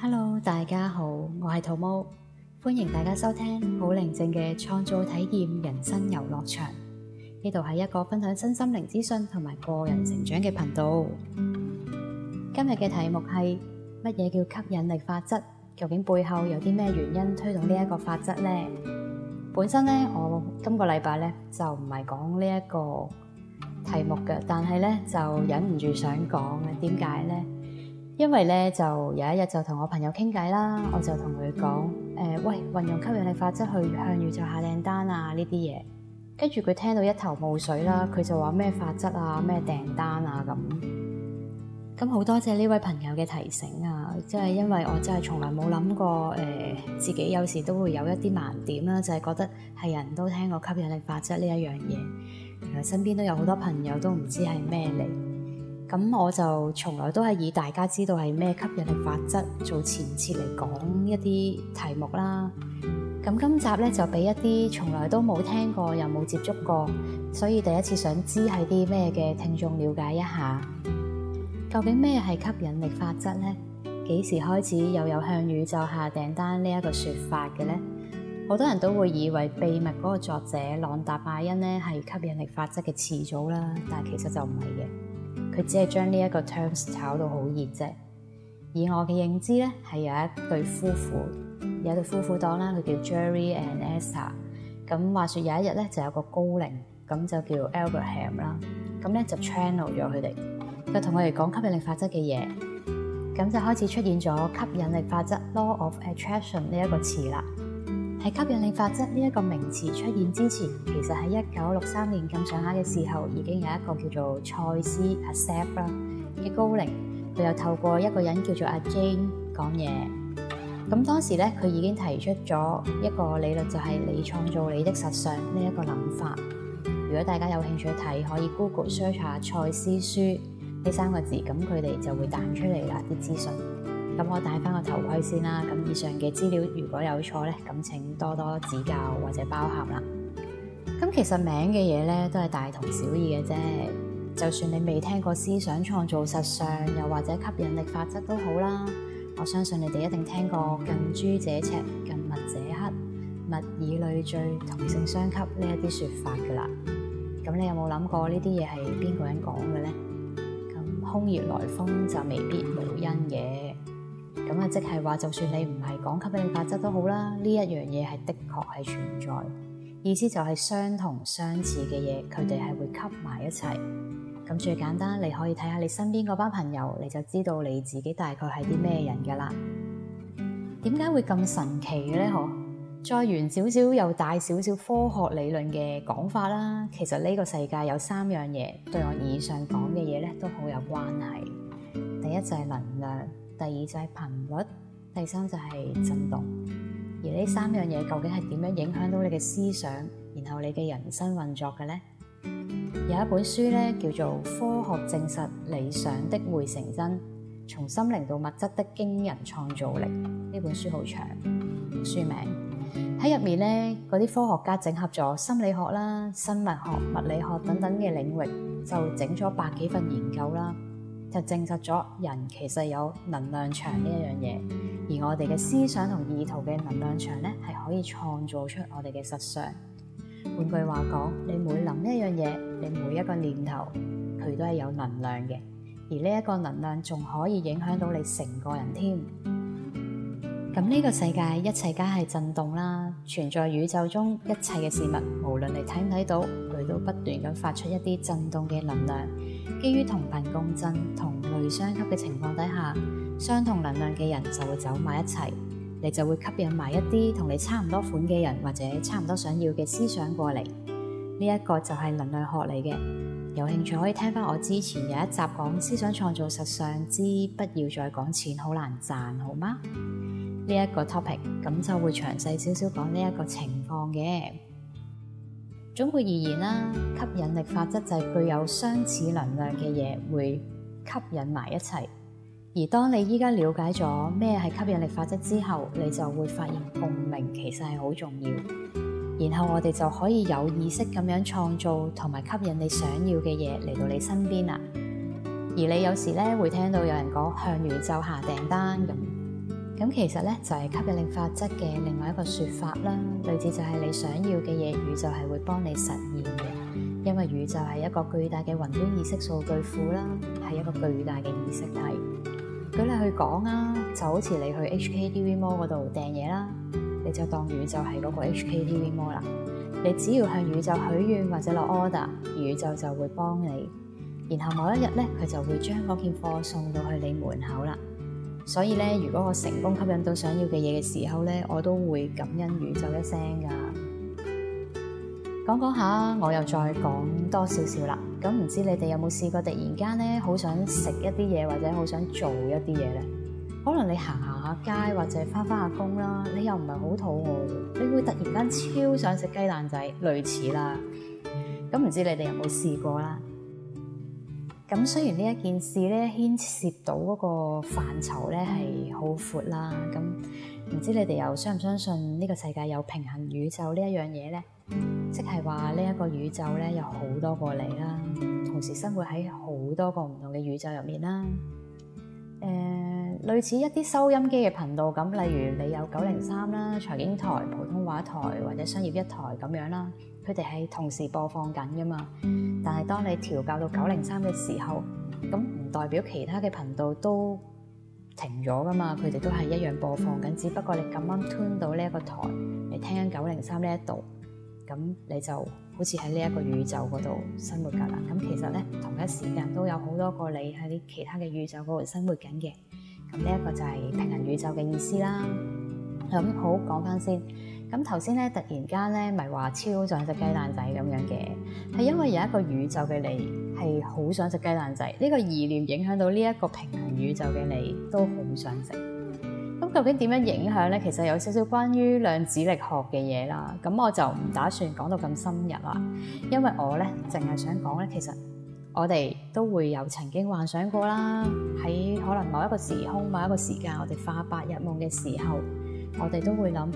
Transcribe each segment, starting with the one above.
Hello，大家好，我係土毛，歡迎大家收聽好寧靜嘅創造體驗人生遊樂場。呢度係一個分享身心靈資訊同埋個人成長嘅頻道。今日嘅題目係乜嘢叫吸引力法則？究竟背後有啲咩原因推動呢一個法則呢？本身咧，我今個禮拜咧就唔係講呢一個題目嘅，但係咧就忍唔住想講呀，點解咧？因為咧就有一日就同我朋友傾偈啦，我就同佢講誒喂，運用吸引力法則去向宇宙下訂單啊呢啲嘢，跟住佢聽到一頭霧水啦，佢就話咩法則啊咩訂單啊咁，咁好多謝呢位朋友嘅提醒啊，即係因為我真係從來冇諗過誒自己有時都會有一啲盲點啦，就係覺得係人都聽過吸引力法則呢一樣嘢，原來身邊都有好多朋友都唔知係咩嚟。咁我就從來都係以大家知道係咩吸引力法則做前設嚟講一啲題目啦。咁今集呢就俾一啲從來都冇聽過又冇接觸過，所以第一次想知係啲咩嘅聽眾了解一下。究竟咩係吸引力法則呢？幾時開始又有，有向宇宙下訂單呢一個說法嘅呢？好多人都會以為秘密嗰個作者朗達拜恩呢係吸引力法則嘅始祖啦，但係其實就唔係嘅。佢只係將呢一個 terms 炒到好熱啫。以我嘅認知咧，係有一對夫婦，有一對夫婦檔啦，佢叫 Jerry and Esther。咁話說有一日咧，就有個高靈，咁就叫 Abraham 啦。咁咧就 channel 咗佢哋，就同我哋講吸引力法則嘅嘢。咁就開始出現咗吸引力法則 law of attraction 呢一個詞啦。喺吸引力法則呢一個名詞出現之前，其實喺一九六三年咁上下嘅時候，已經有一個叫做賽斯阿 s 塞啦嘅高靈，佢又透過一個人叫做阿 Jane 講嘢。咁當時咧，佢已經提出咗一個理論，就係、是、你創造你的實相呢一個諗法。如果大家有興趣睇，可以 Google search 下賽斯書呢三個字，咁佢哋就會彈出嚟啦啲資訊。咁我戴翻個頭盔先啦。咁以上嘅資料如果有錯咧，咁請多多指教或者包涵啦。咁其實名嘅嘢咧都係大同小異嘅啫。就算你未聽過思想創造實相，又或者吸引力法則都好啦。我相信你哋一定聽過近朱者赤，近墨者黑，物以類聚，同性相吸呢一啲說法噶啦。咁你有冇諗過呢啲嘢係邊個人講嘅咧？咁空穴來風就未必冇因嘅。咁啊，即係話，就算你唔係講吸引力法則都好啦，呢一樣嘢，係的確係存在。意思就係相同相似嘅嘢，佢哋係會吸埋一齊。咁最簡單，你可以睇下你身邊嗰班朋友，你就知道你自己大概係啲咩人噶啦。點解會咁神奇嘅咧？嗬，再完少少又大少少科學理論嘅講法啦。其實呢個世界有三樣嘢，對我以上講嘅嘢咧都好有關係。第一就係能量。第二就係頻率，第三就係震動。而呢三樣嘢究竟係點樣影響到你嘅思想，然後你嘅人生運作嘅呢？有一本書咧叫做《科學證實理想的會成真：從心靈到物質的驚人創造力》呢本書好長，書名喺入面咧嗰啲科學家整合咗心理學啦、生物學、物理學等等嘅領域，就整咗百幾份研究啦。就證實咗人其實有能量場呢一樣嘢，而我哋嘅思想同意圖嘅能量場咧，係可以創造出我哋嘅實相。換句話講，你每諗一樣嘢，你每一個念頭，佢都係有能量嘅，而呢一個能量仲可以影響到你成個人添。咁呢個世界一切皆係振動啦，存在宇宙中一切嘅事物，無論你睇唔睇到，都不斷咁發出一啲震動嘅能量，基於同頻共振、同類相吸嘅情況底下，相同能量嘅人就會走埋一齊，你就會吸引埋一啲同你差唔多款嘅人或者差唔多想要嘅思想過嚟。呢、這、一個就係能量學嚟嘅，有興趣可以聽翻我之前有一集講思想創造實相之不要再講錢好難賺，好嗎？呢、這、一個 topic 咁就會詳細少少講呢一個情況嘅。總括而言啦，吸引力法則就係具有相似能量嘅嘢會吸引埋一齊。而當你依家了解咗咩係吸引力法則之後，你就會發現共鳴其實係好重要。然後我哋就可以有意識咁樣創造同埋吸引你想要嘅嘢嚟到你身邊啦。而你有時呢會聽到有人講向宇宙下訂單咁。咁其實咧就係吸引力法則嘅另外一個說法啦，類似就係你想要嘅嘢，宇宙係會幫你實現嘅，因為宇宙係一個巨大嘅雲端意識數據庫啦，係一個巨大嘅意識體。舉例去講啦，就好似你去 HKTV Mall 嗰度訂嘢啦，你就當宇宙係嗰個 HKTV Mall 啦，你只要向宇宙許願或者落 order，宇宙就會幫你，然後某一日咧佢就會將嗰件貨送到去你門口啦。所以咧，如果我成功吸引到想要嘅嘢嘅時候咧，我都會感恩宇宙一聲噶。講講下，我又再講多少少啦。咁唔知你哋有冇試過突然間咧，好想食一啲嘢或者好想做一啲嘢咧？可能你行行下街或者翻翻下工啦，你又唔係好肚餓，你會突然間超想食雞蛋仔，類似啦。咁唔知你哋有冇試過啦？咁雖然呢一件事咧，牽涉到嗰個範疇咧，係好闊啦，咁唔知你哋又相唔相信呢個世界有平行宇宙呢一樣嘢咧？即係話呢一個宇宙咧，有好多個你啦，同時生活喺好多個唔同嘅宇宙入面啦。誒、呃。類似一啲收音機嘅頻道咁，例如你有九零三啦、財經台、普通話台或者商業一台咁樣啦，佢哋係同時播放緊噶嘛。但係當你調校到九零三嘅時候，咁唔代表其他嘅頻道都停咗噶嘛，佢哋都係一樣播放緊。只不過你咁啱 turn 到呢一個台嚟聽緊九零三呢一度，咁你就好似喺呢一個宇宙嗰度生活㗎啦。咁其實咧，同一時間都有好多個你喺其他嘅宇宙嗰度生活緊嘅。咁呢一個就係平行宇宙嘅意思啦。咁、嗯、好講翻先。咁頭先咧，突然間咧，咪話超想食雞蛋仔咁樣嘅，係因為有一個宇宙嘅你係好想食雞蛋仔，呢、呢個意念影響到呢一個平行宇宙嘅你都好想食。咁究竟點樣影響咧？其實有少少關於量子力學嘅嘢啦。咁我就唔打算講到咁深入啦，因為我咧淨係想講咧，其實我哋都會有曾經幻想過啦，喺～某一個時空，啊，某一個時間，我哋化白日夢嘅時候，我哋都會諗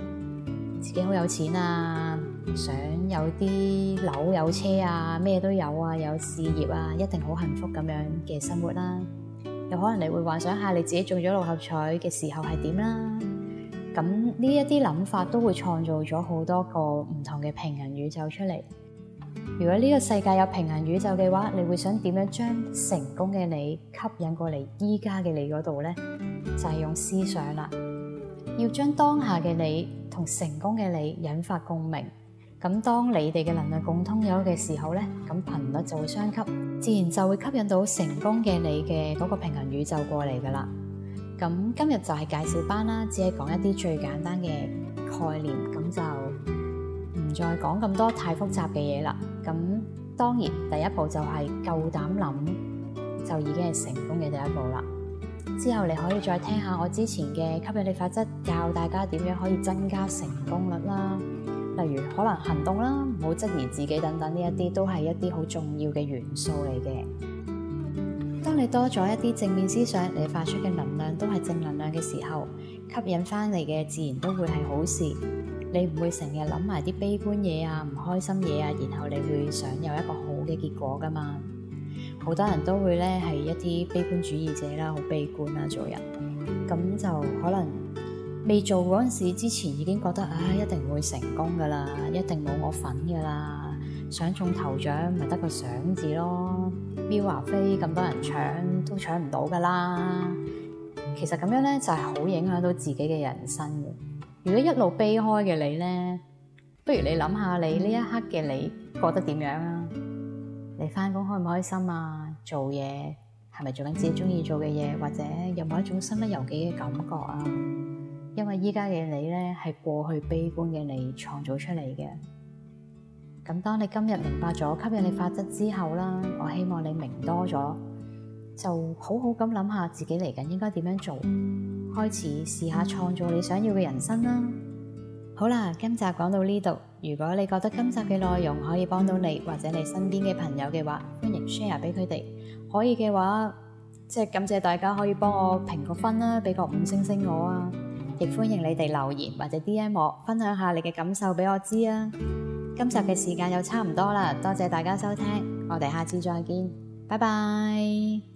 自己好有錢啊，想有啲樓有車啊，咩都有啊，有事業啊，一定好幸福咁樣嘅生活啦，啊。有可能你會幻想下你自己中咗六合彩嘅時候係點啦。咁呢一啲諗法都會創造咗好多個唔同嘅平行宇宙出嚟。如果呢個世界有平行宇宙嘅話，你會想點樣將成功嘅你吸引過嚟依家嘅你嗰度咧？就係用思想啦，要將當下嘅你同成功嘅你引發共鳴。咁當你哋嘅能量共通有嘅時候咧，咁頻率就會相吸，自然就會吸引到成功嘅你嘅嗰個平行宇宙過嚟噶啦。咁今日就係介紹班啦，只係講一啲最簡單嘅概念，咁就。再講咁多太複雜嘅嘢啦，咁當然第一步就係夠膽諗，就已經係成功嘅第一步啦。之後你可以再聽下我之前嘅吸引力法則，教大家點樣可以增加成功率啦。例如可能行動啦，唔好質疑自己等等，呢一啲都係一啲好重要嘅元素嚟嘅。當你多咗一啲正面思想，你發出嘅能量都係正能量嘅時候，吸引翻嚟嘅自然都會係好事。你唔會成日諗埋啲悲觀嘢啊、唔開心嘢啊，然後你會想有一個好嘅結果噶嘛？好多人都會咧係一啲悲觀主義者啦，好悲觀啊做人，咁、嗯、就可能未做嗰陣時之前已經覺得啊，一定會成功噶啦，一定冇我份噶啦，想中頭獎咪得個想字咯，Mirror 啊飛咁多人搶都搶唔到噶啦，其實咁樣咧就係好影響到自己嘅人生嘅。如果一路悲哀嘅你呢，不如你諗下你呢一刻嘅你過得點樣啊？你翻工開唔開心啊？做嘢係咪做緊自己中意做嘅嘢，或者有冇一種身不由己嘅感覺啊？因為依家嘅你呢，係過去悲觀嘅你創造出嚟嘅。咁當你今日明白咗吸引力法則之後啦，我希望你明多咗，就好好咁諗下自己嚟緊應該點樣做。開始試下創造你想要嘅人生啦！好啦，今集講到呢度。如果你覺得今集嘅內容可以幫到你或者你身邊嘅朋友嘅話，歡迎 share 俾佢哋。可以嘅話，即係感謝大家可以幫我評個分啦，俾個五星星我啊。亦歡迎你哋留言或者 DM 我，分享下你嘅感受俾我知啊。今集嘅時間又差唔多啦，多謝大家收聽，我哋下次再見，拜拜。